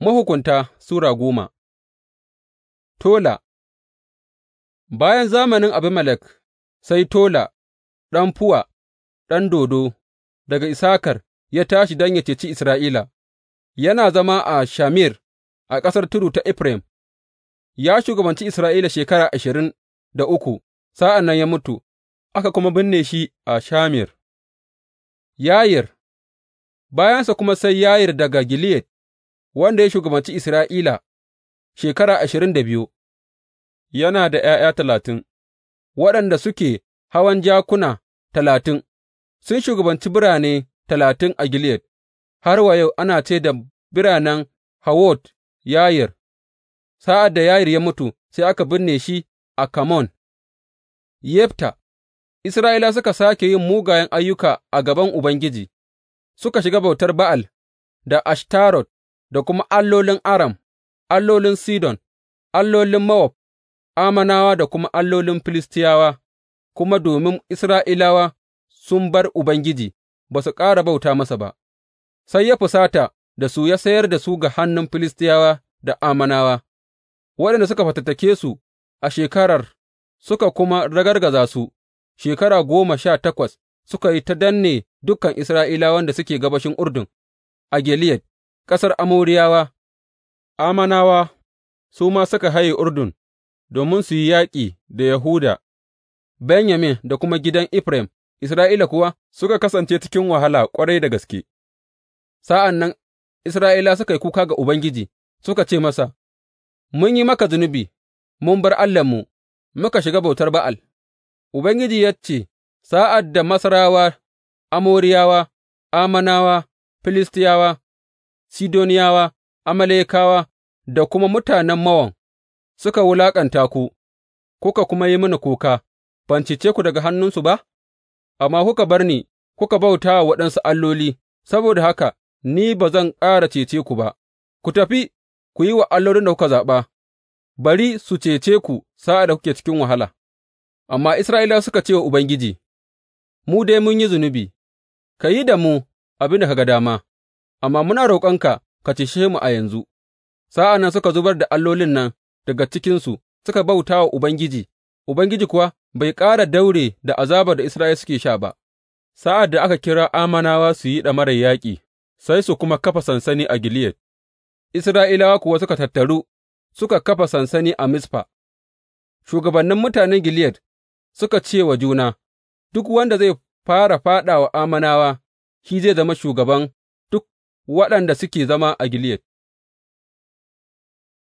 Mahukunta Sura goma Tola Bayan zamanin Abimelek, sai Tola ɗan Fuwa, ɗan Dodo daga isakar, ya tashi don yă ceci Isra'ila, yana zama a Shamir a ƙasar tudu ta Efraim, ya shugabanci Isra'ila shekara ashirin da uku, sa'an nan ya mutu, aka kuma binne shi a Shamir. Yayir Bayansa kuma sai Yayir daga Gileyad. wanda ya shugabanci Isra'ila shekara ashirin da biyu, yana da ’ya'ya talatin, waɗanda suke hawan jakuna talatin, sun shugabanci birane talatin a Gileyad, har wa yau ana ce da biranen Hawot Yayir, sa'ad da Yayir ya mutu sai aka binne shi a Kamon, Yefta, Isra'ila suka sake yin mugayen ayyuka a gaban Ubangiji, suka shiga bautar Ba'al da Ashtarot da kuma allolin Aram, allolin Sidon, allolin Mowab, Amanawa da kuma allolin Filistiyawa, kuma domin Isra'ilawa sun bar Ubangiji, ba su ƙara bauta masa ba, sai ya fusata da su ya sayar da su ga hannun Filistiyawa da amanawa. waɗanda suka fatattake su a shekarar suka kuma ragargaza su, shekara goma sha takwas suka yi ta danne dukan Isra'ilawan da suke gabashin Urdun a Gileyad. ƙasar Amoriyawa, Amanawa, su ma suka haye Urdun domin su yi yaƙi da Yahuda, Benyamin da kuma gidan Efraim, Isra'ila kuwa suka kasance cikin wahala ƙwarai da gaske. Sa'an nan Isra'ila suka yi kuka ga Ubangiji, suka ce masa, Mun yi maka zunubi, mun bar Allahnmu, muka shiga bautar Ba'al. Ubangiji ya ce, Sa'ad da Masarawa, Amoriyawa, amanawa, Filistiyawa Sidoniyawa, Amalekawa da kuma mutanen Mawon suka wulaƙanta ku, kuka kuma yi mini kuka, ban cece ku daga hannunsu ba, amma kuka bar ni kuka bauta wa waɗansu alloli, saboda haka ni ba zan ƙara cece ku ba, ku tafi ku yi wa allolin da kuka zaɓa, bari su cece ku sa'ad da kuke cikin wahala. Amma Isra'ila suka ce wa Ubangiji, Mu dai mun yi zunubi, ka yi da mu abin da ka ga dama. amma muna roƙonka ka cece mu a yanzu. Sa'an nan suka zubar da allolin nan daga cikinsu suka bauta wa Ubangiji, Ubangiji kuwa bai ƙara daure da azabar da Isra'ila suke sha ba, sa'ad da aka kira Amanawa su yi ɗamarar yaƙi, sai su kuma kafa sansani a Gileyad, Isra'ilawa kuwa suka tattaru suka kafa sansani a Mizfa. Shugabannin mutanen Gileyad suka ce wa juna, Duk wanda zai fara faɗa wa Amanawa, shi zai zama shugaban waɗanda suke zama a Gileyad.